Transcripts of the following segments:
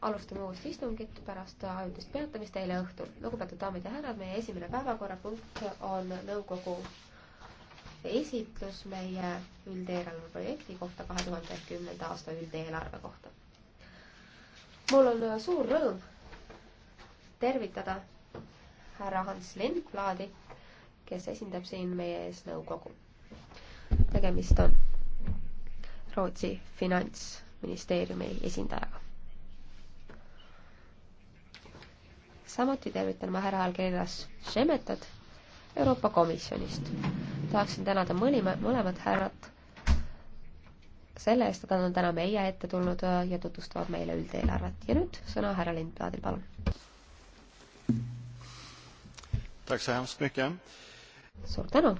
alustame uut istungit pärast ajutist peatamist eile õhtul. lugupeetud daamid ja härrad, meie esimene päevakorrapunkt on nõukogu esitlus meie üldeelarve projekti kohta kahe tuhande kümnenda aasta üldeelarve kohta. mul on suur rõõm tervitada härra Hans Lindblaadi, kes esindab siin meie ees nõukogu. tegemist on Rootsi finantsministeeriumi esindajaga. samuti tervitan ma härra Algeerias Šemetat Euroopa Komisjonist. tahaksin tänada mõlema, mõlemat härrat selle eest, et nad on täna meie ette tulnud äh, ja tutvustavad meile üldeelarvet. ja nüüd sõna härra Lindbladil, palun. suur tänu,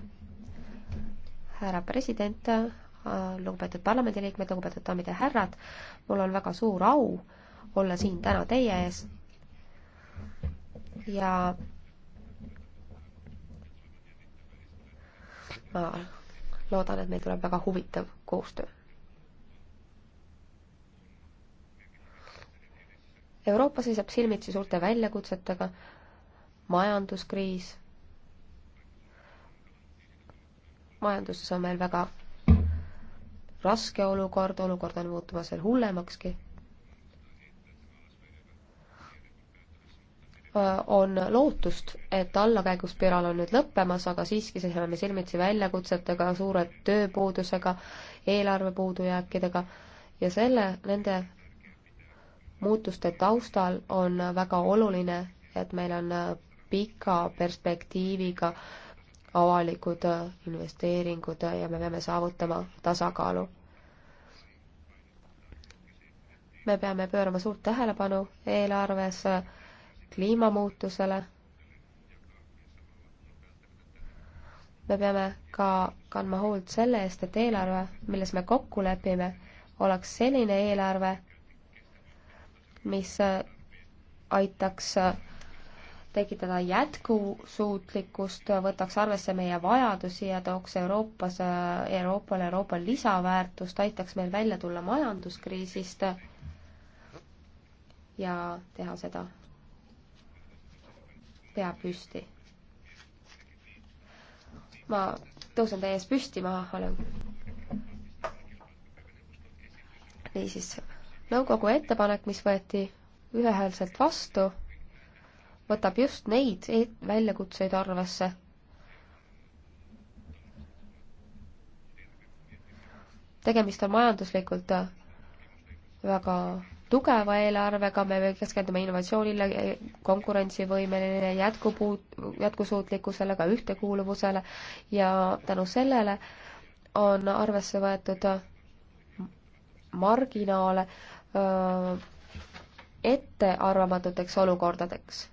härra president, lugupeetud parlamendiliikmed, lugupeetud daamid ja härrad, mul on väga suur au olla siin täna teie ees ja ma loodan, et meil tuleb väga huvitav koostöö. Euroopa seisab silmitsi suurte väljakutsetega, majanduskriis, majanduses on meil väga raske olukord, olukord on muutumas veel hullemakski. on lootust, et allakäiguspiraal on nüüd lõppemas, aga siiski seisame me silmitsi väljakutsetega, suure tööpuudusega, eelarve puudujääkidega ja selle, nende muutuste taustal on väga oluline, et meil on pika perspektiiviga äh, avalikud äh, investeeringud äh, ja me peame saavutama tasakaalu. me peame pöörama suurt tähelepanu eelarves äh, kliimamuutusele. me peame ka kandma hoolt selle eest, et eelarve, milles me kokku lepime, oleks selline eelarve, mis aitaks tekitada jätkusuutlikkust, võtaks arvesse meie vajadusi ja tooks Euroopas, Euroopale Euroopa lisaväärtust, aitaks meil välja tulla majanduskriisist ja teha seda pea püsti. ma tõusen teie ees püsti, ma olen niisiis, nõukogu ettepanek, mis võeti ühehäälselt vastu võtab just neid e- väljakutseid arvesse, tegemist on majanduslikult väga tugeva eelarvega, me keskendume innovatsioonile, konkurentsivõimeline jätkupuut-, jätkusuutlikkusele, ka ühtekuuluvusele ja tänu sellele on arvesse võetud marginaale ettearvamatuteks olukordadeks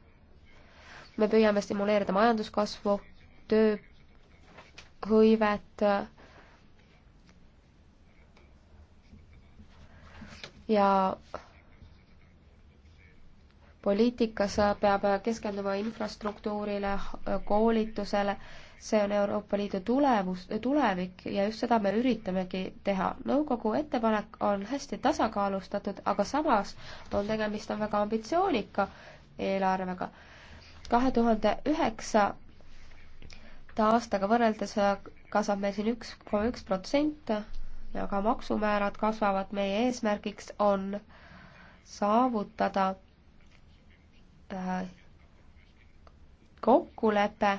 me püüame stimuleerida majanduskasvu, tööhõivet ja poliitikas peab keskenduma infrastruktuurile, koolitusele, see on Euroopa Liidu tulevus, tulevik ja just seda me üritamegi teha. nõukogu ettepanek on hästi tasakaalustatud, aga samas on tegemist on väga ambitsioonika eelarvega kahe tuhande üheksa aastaga võrreldes äh, kasvab meil siin üks koma üks protsent ja ka maksumäärad kasvavad. meie eesmärgiks on saavutada äh, kokkulepe,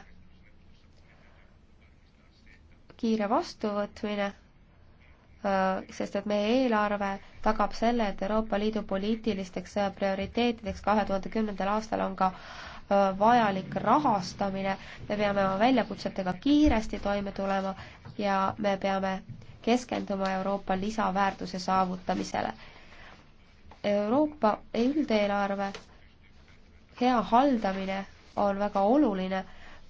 kiire vastuvõtmine, äh, sest et meie eelarve tagab selle, et Euroopa Liidu poliitilisteks prioriteetideks kahe tuhande kümnendal aastal on ka äh, Äh, vajalik rahastamine, me peame oma väljakutsetega kiiresti toime tulema ja me peame keskenduma Euroopa lisaväärtuse saavutamisele. Euroopa üldeelarve hea haldamine on väga oluline,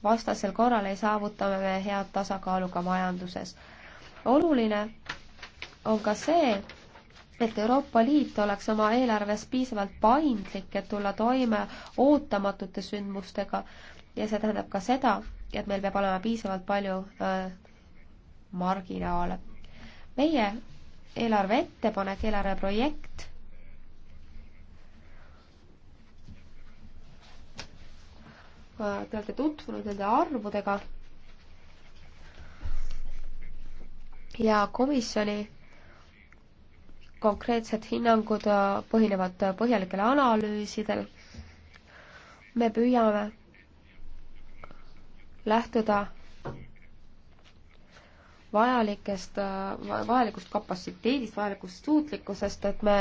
vastasel korral ei saavuta me head tasakaalu ka majanduses. oluline on ka see, et Euroopa Liit oleks oma eelarves piisavalt paindlik, et tulla toime ootamatute sündmustega ja see tähendab ka seda, et meil peab olema piisavalt palju äh, marginaale. meie eelarve ettepanek, eelarve projekt äh,, te olete tutvunud nende arvudega ja komisjoni konkreetsed hinnangud äh, põhinevad äh, põhjalikel analüüsidel. me püüame lähtuda vajalikest, äh, vajalikust kapatsiteedist, vajalikust suutlikkusest, et me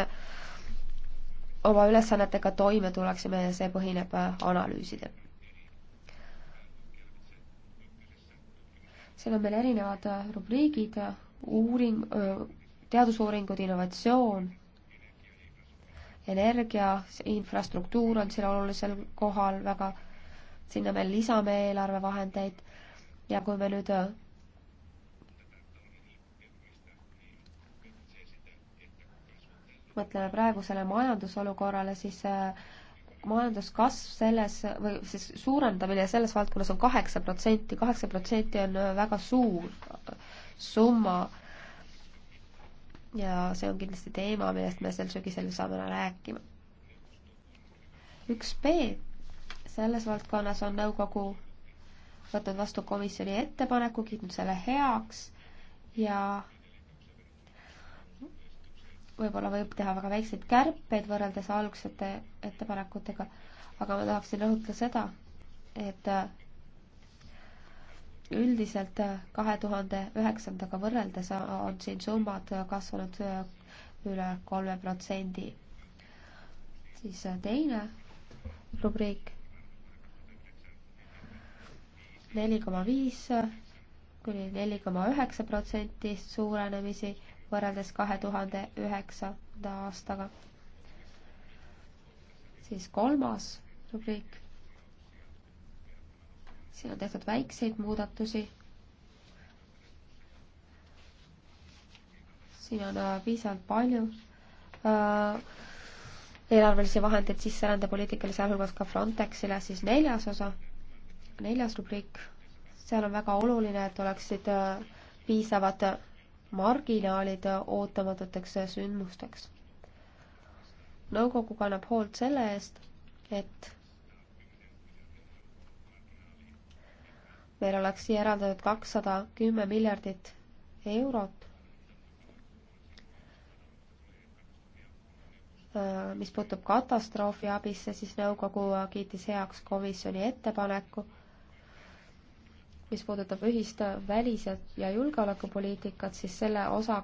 oma ülesannetega toime tuleksime ja see põhineb analüüsidel. seal on meil erinevad rubriigid, uuring, teadusuuringud, innovatsioon, energia, infrastruktuur on siin olulisel kohal väga, sinna me lisame eelarvevahendeid ja kui me nüüd mõtleme praegusele majandusolukorrale, siis äh, majanduskasv selles või siis suurendamine selles valdkonnas on kaheksa protsenti, kaheksa protsenti on äh, väga suur summa ja see on kindlasti teema, millest me sel sügisel saame rääkima. üks B selles valdkonnas on nõukogu võtnud vastu komisjoni ettepaneku, kiitnud selle heaks ja võib-olla võib teha väga väikseid kärpeid võrreldes algsete ettepanekutega, aga ma tahaksin rõhutada seda, et üldiselt äh, kahe tuhande üheksandaga võrreldes on siin summad äh, kasvanud äh, üle kolme protsendi. siis teine rubriik, neli koma viis kuni neli koma üheksa protsenti suurenemisi võrreldes kahe tuhande üheksanda aastaga. siis kolmas rubriik siin on tehtud väikseid muudatusi. siin on äh, piisavalt palju äh, eelarvelisi vahendeid sisserändepoliitikale, sealhulgas ka Frontexile, siis neljas osa, neljas rubriik, seal on väga oluline, et oleksid äh, piisavad marginaalid ootamatuteks sündmusteks. nõukogu kannab hoolt selle eest, et meil oleks siia eraldatud kakssada kümme miljardit eurot, äh, mis puutub katastroofiabisse, siis nõukogu kiitis heaks komisjoni ettepaneku, mis puudutab ühist välis- ja julgeolekupoliitikat, siis selle osa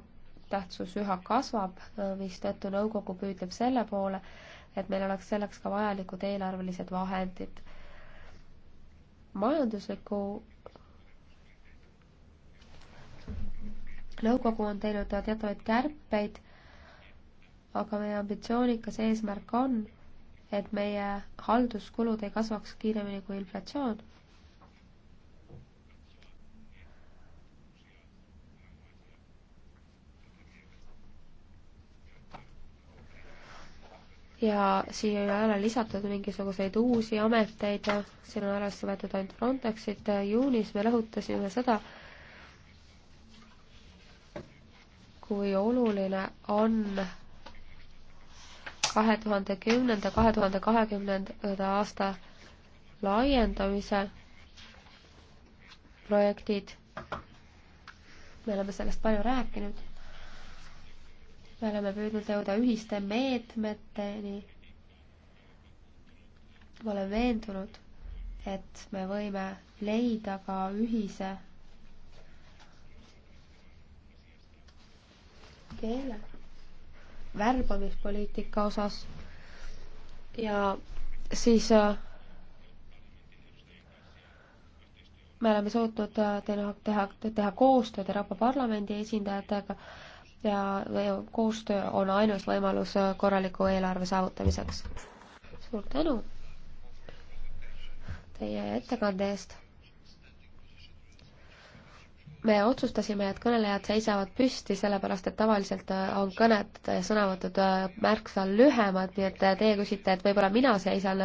tähtsus üha kasvab, äh, mistõttu nõukogu püüdleb selle poole, et meil oleks selleks ka vajalikud eelarvelised vahendid majandusliku nõukogu on teinud teatavaid kärpeid, aga meie ambitsioonikas eesmärk on, et meie halduskulud ei kasvaks kiiremini kui inflatsioon ja siia ei ole lisatud mingisuguseid uusi ameteid, siin on arvesse võetud ainult Frontexit, juunis me rõhutasime seda, kui oluline on kahe tuhande kümnenda, kahe tuhande kahekümnenda aasta laiendamise projektid. me oleme sellest palju rääkinud me oleme püüdnud jõuda ühiste meetmeteni. ma olen veendunud, et me võime leida ka ühise keele värbamispoliitika osas ja siis äh, me oleme suutnud äh, teha, teha, teha koostööd Euroopa Parlamendi esindajatega ja koostöö on ainus võimalus äh, korraliku eelarve saavutamiseks. suur tänu teie ettekande eest me otsustasime, et kõnelejad seisavad püsti, sellepärast et tavaliselt äh, on kõned ja sõnavõtud äh, märksa lühemad, nii et äh, teie küsite, et võib-olla mina seisan,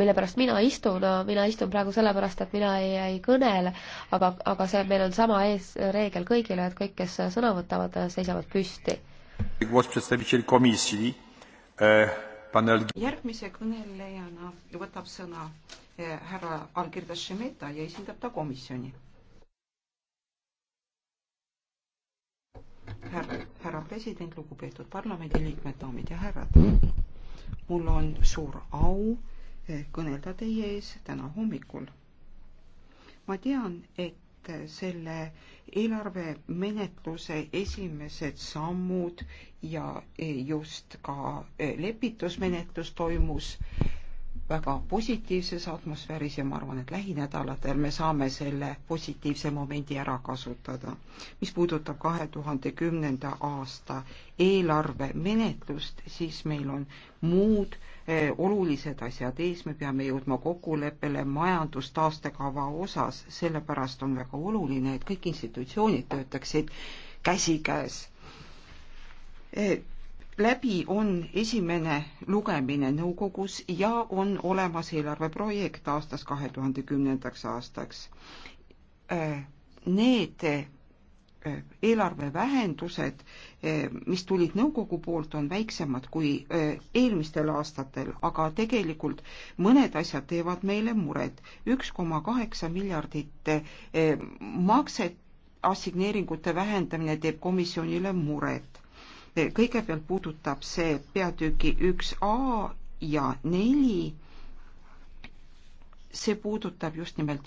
mille pärast mina istun, mina istun praegu sellepärast, et mina ei, ei kõnele, aga, aga see, meil on sama ees reegel kõigile, et kõik, kes sõna võtavad, seisavad püsti. järgmise kõnelejana võtab sõna härra Algirdas Šemeta ja esindab ta komisjoni härra, härra president, lugupeetud parlamendiliikmed, daamid ja härrad. mul on suur au eh, kõnelda teie ees täna hommikul. ma tean, et selle eelarvemenetluse esimesed sammud ja eh, just ka eh, lepitusmenetlus toimus väga positiivses atmosfääris ja ma arvan, et lähinädalatel me saame selle positiivse momendi ära kasutada. mis puudutab kahe tuhande kümnenda aasta eelarvemenetlust, siis meil on muud eh, olulised asjad ees, me peame jõudma kokkuleppele majandustaastekava osas, sellepärast on väga oluline, et kõik institutsioonid töötaksid käsikäes eh, läbi on esimene lugemine nõukogus ja on olemas eelarveprojekt aastast kahe tuhande kümnendaks aastaks. Äh, need äh, eelarvevähendused, äh, mis tulid nõukogu poolt, on väiksemad kui eelmistel aastatel, aga tegelikult mõned asjad teevad meile muret. üks koma kaheksa miljardit makset, assigneeringute vähendamine teeb komisjonile muret kõigepealt puudutab see peatüki üks A ja neli. see puudutab just nimelt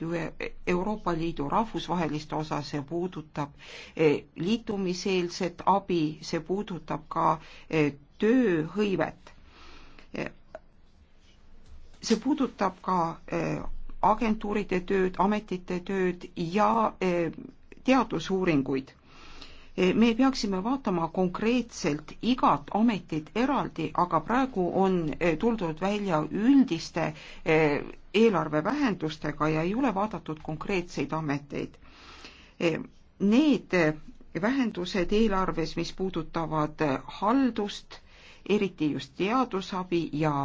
Euroopa Liidu rahvusvahelist osa, see puudutab e, liitumiseelset abi, see puudutab ka e, tööhõivet. E, see puudutab ka agentuuride tööd, ametite tööd ja teadusuuringuid me peaksime vaatama konkreetselt igat ametit eraldi, aga praegu on eh, tuldud välja üldiste eh, eelarvevähendustega ja ei ole vaadatud konkreetseid ameteid. Eh, need vähendused eelarves, mis puudutavad haldust, eriti just teadusabi ja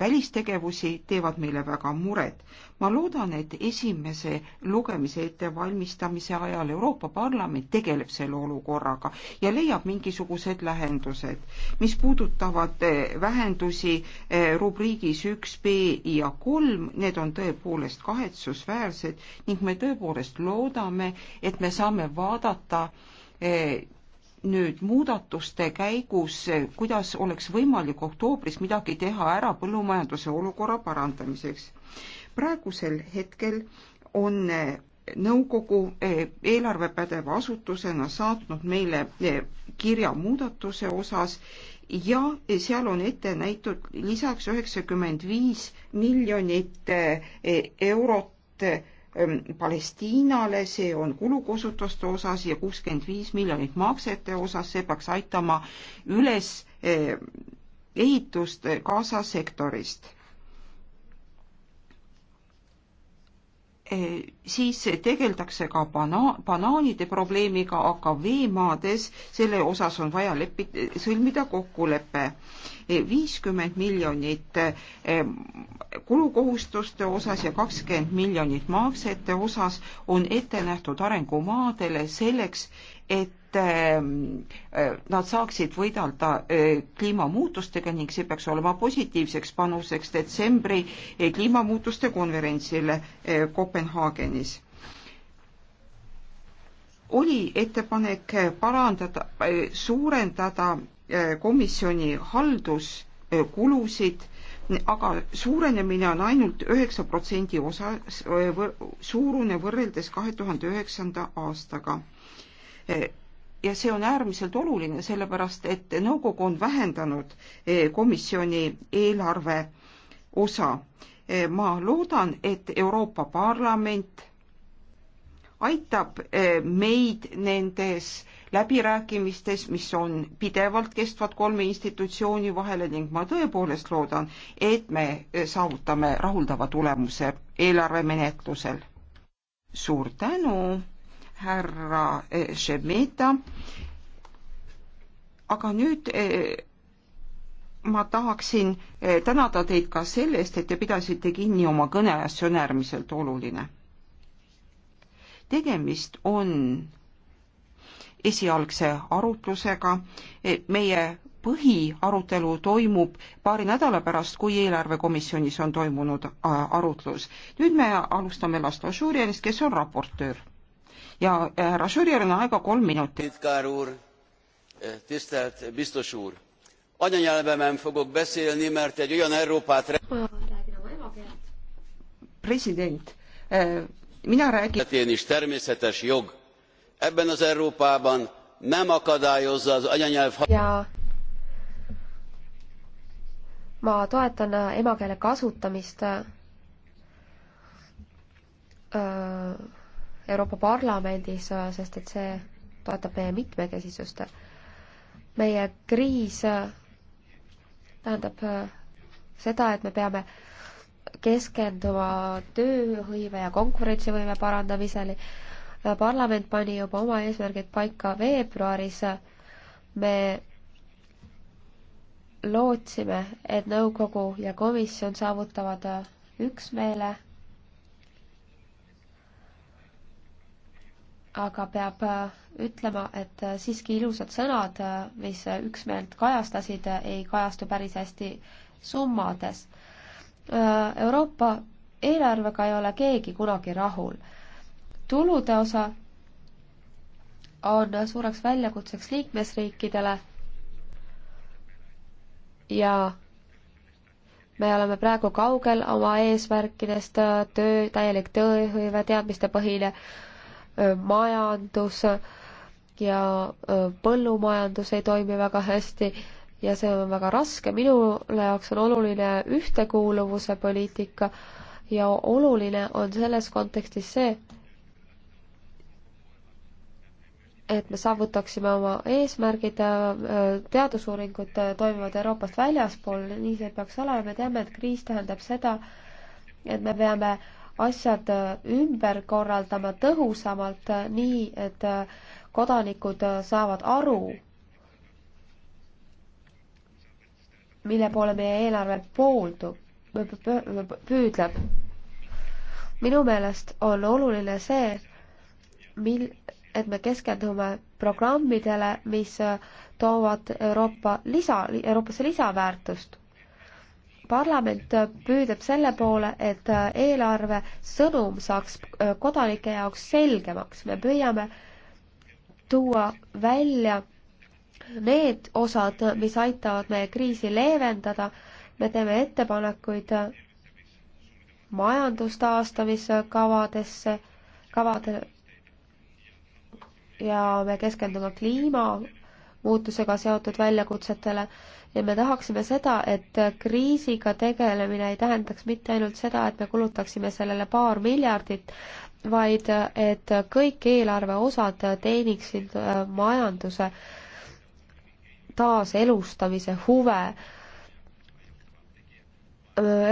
välistegevusi teevad meile väga muret. ma loodan, et esimese lugemise ettevalmistamise ajal Euroopa Parlament tegeleb selle olukorraga ja leiab mingisugused lahendused, mis puudutavad eh, vähendusi eh, rubriigis üks B ja kolm, need on tõepoolest kahetsusväärsed ning me tõepoolest loodame, et me saame vaadata eh, nüüd muudatuste käigus, kuidas oleks võimalik oktoobris midagi teha ära põllumajanduse olukorra parandamiseks. praegusel hetkel on eh, nõukogu eh, eelarvepädeva asutusena saatnud meile eh, kirja muudatuse osas ja seal on ette näitud lisaks üheksakümmend viis miljonit eurot Ähm, Palestiinale, see on kulukosutuste osas ja kuuskümmend viis miljonit maksete osas, see peaks aitama üles äh, ehitust Gaza sektorist siis tegeldakse ka bana-, banaanide probleemiga, aga veemaades selle osas on vaja lepi-, sõlmida kokkulepe. viiskümmend miljonit kulukohustuste osas ja kakskümmend miljonit maksete osas on ette nähtud arengumaadele selleks, et et eh, eh, nad saaksid võidelda eh, kliimamuutustega ning see peaks olema positiivseks panuseks detsembri kliimamuutuste konverentsile Kopenhaagenis oli ettepanek parandada, suurendada komisjoni halduskulusid, aga suurenemine on ainult üheksa protsendi osas, suurune võrreldes kahe tuhande üheksanda aastaga ja see on äärmiselt oluline, sellepärast et nõukogu on vähendanud eh, komisjoni eelarve osa. Eh, ma loodan, et Euroopa Parlament aitab eh, meid nendes läbirääkimistes, mis on pidevalt kestvad kolme institutsiooni vahele ning ma tõepoolest loodan, et me saavutame rahuldava tulemuse eelarvemenetlusel. suur tänu! härra e. Šemeta. aga nüüd e, ma tahaksin e, tänada teid ka selle eest, et te pidasite kinni oma kõneajast, see on äärmiselt oluline. tegemist on esialgse arutlusega, meie põhiarutelu toimub paari nädala pärast, kui eelarvekomisjonis on toimunud arutlus. nüüd me alustame Laslo Žurjanist, kes on raportöör ja äh, härra Žürjal on aega kolm minutit. titkár úr, äh, tisztelt biztos úr, anyanyelvemen fogok beszélni, mert egy olyan Európát... President, äh, mina räägin... is természetes jog. Ebben az Európában nem akadályozza az anyanyelv... Ja ma toetan emakeele kasutamist Euroopa Parlamendis, sest et see toetab meie mitmekesisust. meie kriis tähendab seda, et me peame keskenduma tööhõive ja konkurentsivõime parandamisele. parlament pani juba oma eesmärgid paika veebruaris. me lootsime, et nõukogu ja komisjon saavutavad üksmeele aga peab äh, ütlema, et äh, siiski ilusad sõnad, äh, mis üksmeelt kajastasid, ei kajastu päris hästi summades. Euroopa eelarvega ei ole keegi kunagi rahul. tulude osa on suureks väljakutseks liikmesriikidele ja me oleme praegu kaugel oma eesmärkidest, töö, täielik tööhõive, teadmistepõhine äh, majandus ja äh, põllumajandus ei toimi väga hästi ja see on väga raske. minule jaoks on oluline ühtekuuluvuse poliitika ja oluline on selles kontekstis see, et me saavutaksime oma eesmärgid, äh, teadusuuringud toimuvad Euroopast väljaspool, nii see peaks olema, me teame, et kriis tähendab seda, et me peame asjad äh, ümber korraldama tõhusamalt, äh, nii et äh, kodanikud saavad aru, mille poole meie eelarve pooldub, püüdleb. minu meelest on oluline see, mil, et me keskendume programmidele, mis toovad Euroopa lisa, Euroopasse lisaväärtust parlament püüdleb selle poole, et äh, eelarve sõnum saaks äh, kodanike jaoks selgemaks. me püüame tuua välja need osad, mis aitavad meie kriisi leevendada. me teeme ettepanekuid äh, majandustaastamiskavadesse, kavade ja me keskendume kliimamuutusega seotud väljakutsetele ja me tahaksime seda, et kriisiga tegelemine ei tähendaks mitte ainult seda, et me kulutaksime sellele paar miljardit, vaid et kõik eelarve osad teeniksid äh, majanduse taaselustamise huve. Äh,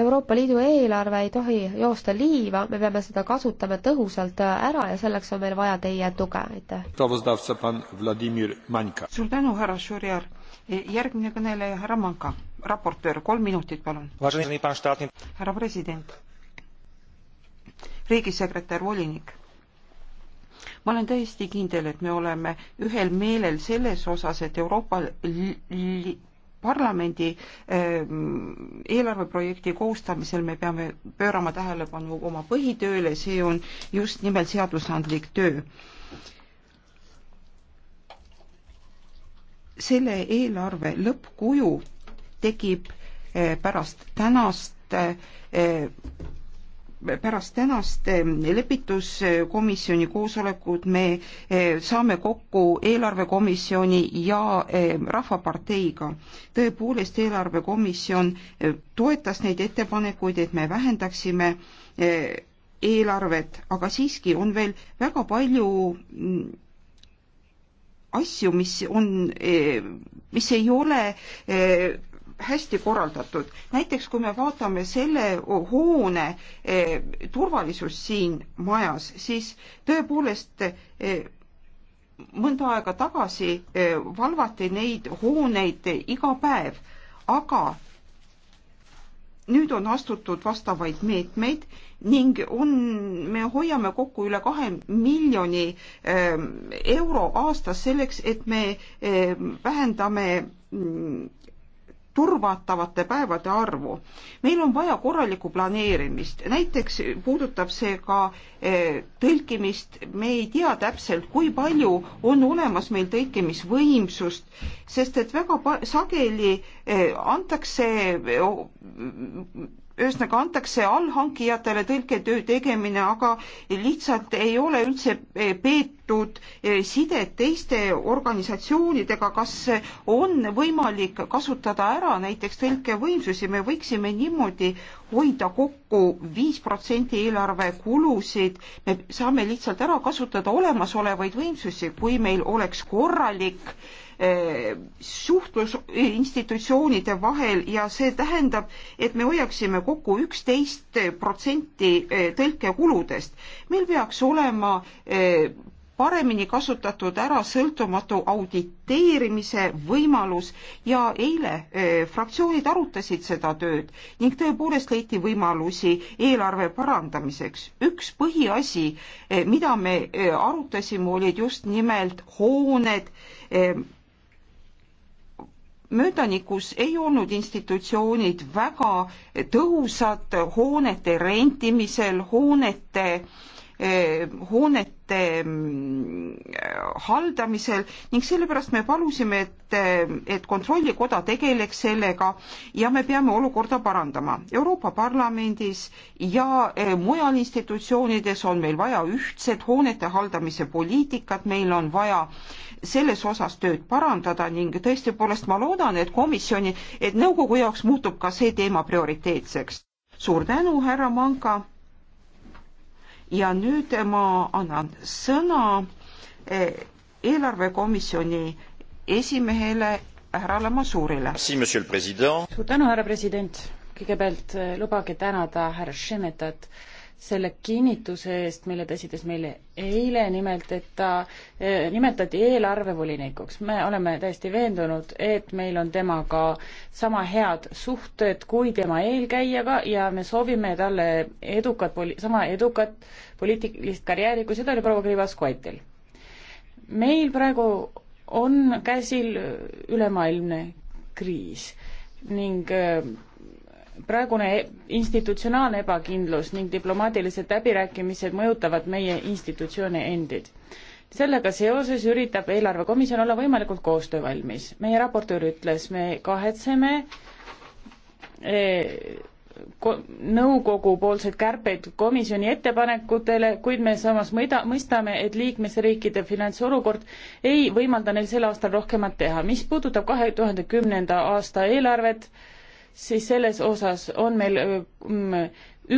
Euroopa Liidu eelarve ei tohi joosta liiva, me peame seda kasutama tõhusalt äh, ära ja selleks on meil vaja teie tuge, aitäh. suur tänu, härra Žurjar. E, järgmine kõneleja, härra Manka, raportöör, kolm minutit, palun. härra president, riigisekretär, volinik ma olen täiesti kindel, et me oleme ühel meelel selles osas, et Euroopa parlamendi ehm, eelarveprojekti koostamisel me peame pöörama tähelepanu oma põhitööle, see on just nimelt seadusandlik töö selle eelarve lõppkuju tekib eh, pärast tänast eh, eh, pärast tänast lepituskomisjoni koosolekut me saame kokku eelarvekomisjoni ja Rahvaparteiga. tõepoolest, eelarvekomisjon toetas neid ettepanekuid, et me vähendaksime eelarvet, aga siiski on veel väga palju mm, asju, mis on, eh, mis ei ole eh, hästi korraldatud. näiteks kui me vaatame selle hoone eh, turvalisust siin majas, siis tõepoolest mõnda aega tagasi valvati neid hooneid iga päev, aga nüüd on astutud vastavaid meetmeid ning on, me hoiame kokku üle kahe miljoni ähm, euro aastas selleks, et me ähm, vähendame mm, turvatavate päevade arvu. meil on vaja korralikku planeerimist, näiteks puudutab see ka eh, tõlkimist, me ei tea täpselt, kui palju on olemas meil tõlkimisvõimsust, sest et väga sageli eh, antakse eh, ühesõnaga antakse allhankijatele tõlketöö tegemine, aga lihtsalt ei ole üldse eh, peetud eh, sidet teiste organisatsioonidega, kas on võimalik kasutada ära näiteks tõlkevõimsusi, me võiksime niimoodi hoida kokku viis protsenti eelarve kulusid, me saame lihtsalt ära kasutada olemasolevaid võimsusi, kui meil oleks korralik eh, suhtlus eh, institutsioonide vahel ja see tähendab, et me hoiaksime kokku üksteist protsenti eh, tõlkekuludest. meil peaks olema eh, paremini kasutatud ära sõltumatu auditeerimise võimalus ja eile eh, fraktsioonid arutasid seda tööd ning tõepoolest leiti võimalusi eelarve parandamiseks. üks põhiasi eh,, mida me eh, arutasime, olid just nimelt hooned eh, möödanikus ei olnud institutsioonid väga eh, tõhusad hoonete rentimisel, hoonete Eh, hoonete mm, haldamisel ning sellepärast me palusime, et, eh, et Kontrollikoda tegeleks sellega ja me peame olukorda parandama. Euroopa Parlamendis ja eh, mujal institutsioonides on meil vaja ühtset hoonete haldamise poliitikat, meil on vaja selles osas tööd parandada ning tõesti-poolest ma loodan, et komisjoni, et nõukogu jaoks muutub ka see teema prioriteetseks. suur tänu, härra Manka ja nüüd ma annan sõna eh, eelarvekomisjoni esimehele härrale Masurile. suur tänu, härra president. kõigepealt eh, lubage tänada härra Šemetat selle kinnituse eest, mille ta esitas meile eile, nimelt et ta e, nimetati eelarvevolinikuks. me oleme täiesti veendunud, et meil on temaga sama head suhted kui tema eelkäijaga ja me soovime talle edukat, sama edukat poliitilist karjääri, kui seda oli proua Krivas-Koitil. meil praegu on käsil ülemaailmne kriis ning e, praegune e-, institutsionaalne ebakindlus ning diplomaatilised läbirääkimised mõjutavad meie institutsioone endid. sellega seoses üritab eelarvekomisjon olla võimalikult koostöövalmis. meie raportöör ütles, me kahetseme e, nõukogu poolseid kärpeid komisjoni ettepanekutele, kuid me samas mõida, mõistame, et liikmesriikide finantsolukord ei võimalda neil sel aastal rohkemat teha. mis puudutab kahe tuhande kümnenda aasta eelarvet, siis selles osas on meil äh, mm,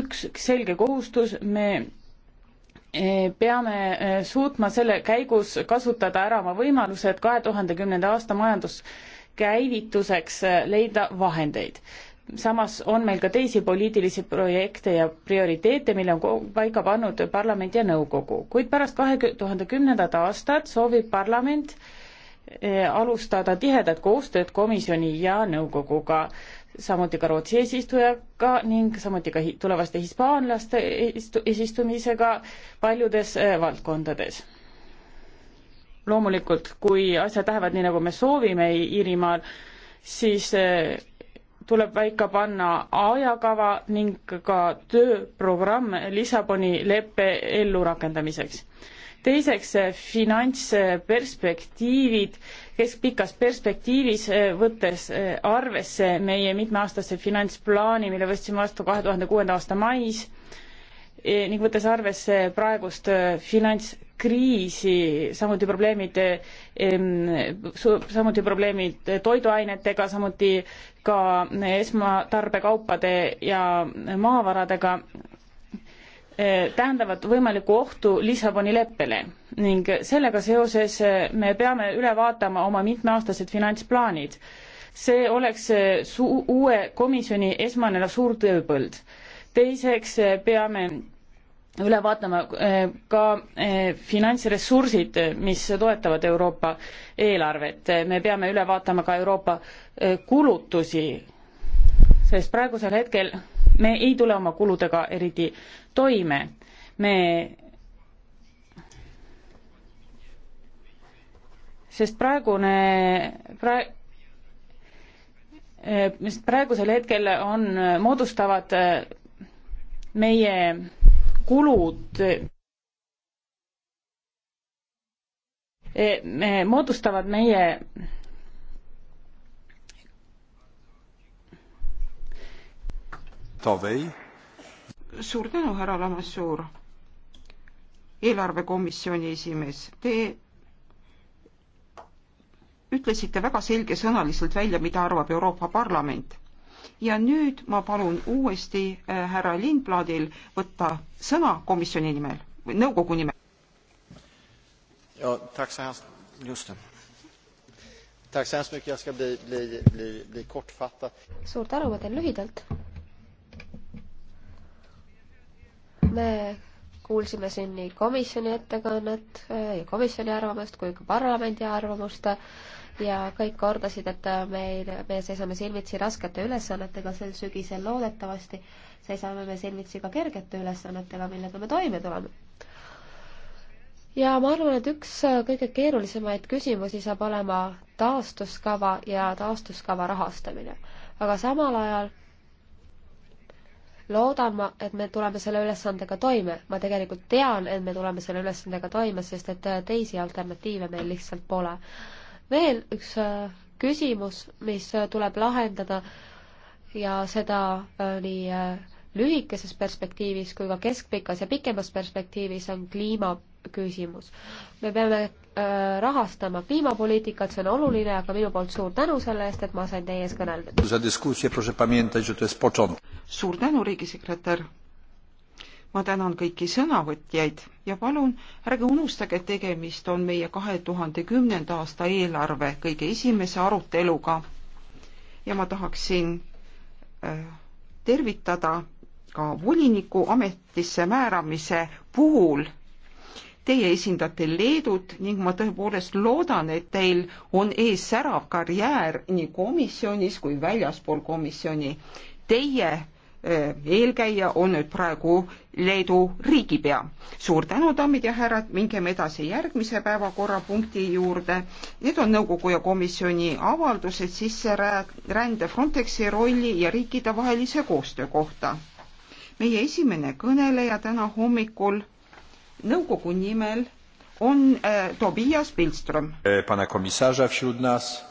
üks selge kohustus, me äh, peame äh, suutma selle käigus kasutada ära oma võimalused kahe tuhande kümnenda aasta majanduskäivituseks leida vahendeid. samas on meil ka teisi poliitilisi projekte ja prioriteete, mille on paika pannud parlament ja nõukogu, kuid pärast kahe tuhande kümnendat aastat soovib parlament äh, Eh, alustada tihedat koostööd komisjoni ja nõukoguga, samuti ka Rootsi eesistujaga ning samuti ka tulevaste hispaanlaste eesistumisega paljudes eh, valdkondades. loomulikult, kui asjad lähevad nii, nagu me soovime Iirimaal, siis eh, tuleb paika panna ajakava ning ka tööprogramm Lissaboni leppe ellurakendamiseks teiseks, eh, finantsperspektiivid, keskpikas perspektiivis, eh, võttes eh, arvesse meie mitmeaastase finantsplaani, mille võtsime vastu kahe tuhande kuuenda aasta mais, ning võttes arvesse praegust finantskriisi, samuti probleemid, samuti probleemid toiduainetega, samuti ka esmatarbekaupade ja maavaradega, Eh, tähendavad võimalikku ohtu Lissaboni leppele ning sellega seoses eh, me peame üle vaatama oma mitmeaastased finantsplaanid. see oleks eh, suu-, uue komisjoni esmane suur tööpõld. teiseks peame üle vaatama ka finantsressursid, mis toetavad Euroopa eelarvet. me peame üle vaatama ka Euroopa kulutusi, sest praegusel hetkel me ei tule oma kuludega eriti toime. me sest praegune praegu mis praegusel hetkel on, moodustavad meie kulud moodustavad meie suur tänu, härra Lamassoor, eelarvekomisjoni esimees, te ütlesite väga selgesõnaliselt välja, mida arvab Euroopa Parlament. ja nüüd ma palun uuesti äh, härra Lindbladil võtta sõna komisjoni nimel, nõukogu nimel. ja taks härra, just. Tack så hemskt mycket. Jag ska bli, bli, bli, bli kortfattad. Suur tänu, ma teen lühidalt me kuulsime siin nii komisjoni ettekannet äh, ja komisjoni arvamust kui ka parlamendi arvamust äh, ja kõik kordasid, et äh, meil, me seisame silmitsi raskete ülesannetega sel sügisel loodetavasti, seisame me silmitsi ka kergete ülesannetega, millega me toime tuleme. ja ma arvan, et üks kõige keerulisemaid küsimusi saab olema taastuskava ja taastuskava rahastamine. aga samal ajal loodan ma, et me tuleme selle ülesandega toime. ma tegelikult tean, et me tuleme selle ülesandega toime, sest et äh, teisi alternatiive meil lihtsalt pole. veel üks äh, küsimus, mis äh, tuleb lahendada ja seda nii lühikeses perspektiivis kui ka keskpikas ja pikemas perspektiivis on kliima küsimus. me peame äh, rahastama kliimapoliitikat, see on oluline, aga minu poolt suur tänu selle eest, et ma sain teie ees kõnelda. suur tänu, riigisekretär! ma tänan kõiki sõnavõtjaid ja palun ärge unustage, et tegemist on meie kahe tuhande kümnenda aasta eelarve kõige esimese aruteluga. ja ma tahaksin äh, tervitada ka voliniku ametisse määramise puhul Teie esindate Leedut ning ma tõepoolest loodan, et teil on ees särav karjäär nii komisjonis kui väljaspool komisjoni. Teie eh, eelkäija on nüüd praegu Leedu riigipea. suur tänu, daamid ja härrad, mingem edasi järgmise päevakorrapunkti juurde. Need on nõukogu ja komisjoni avaldused sisserände Frontexi rolli ja riikidevahelise koostöö kohta. meie esimene kõneleja täna hommikul nõukogu nimel on äh, Tobias Pilström. Äh, Pana komisarza wśród nas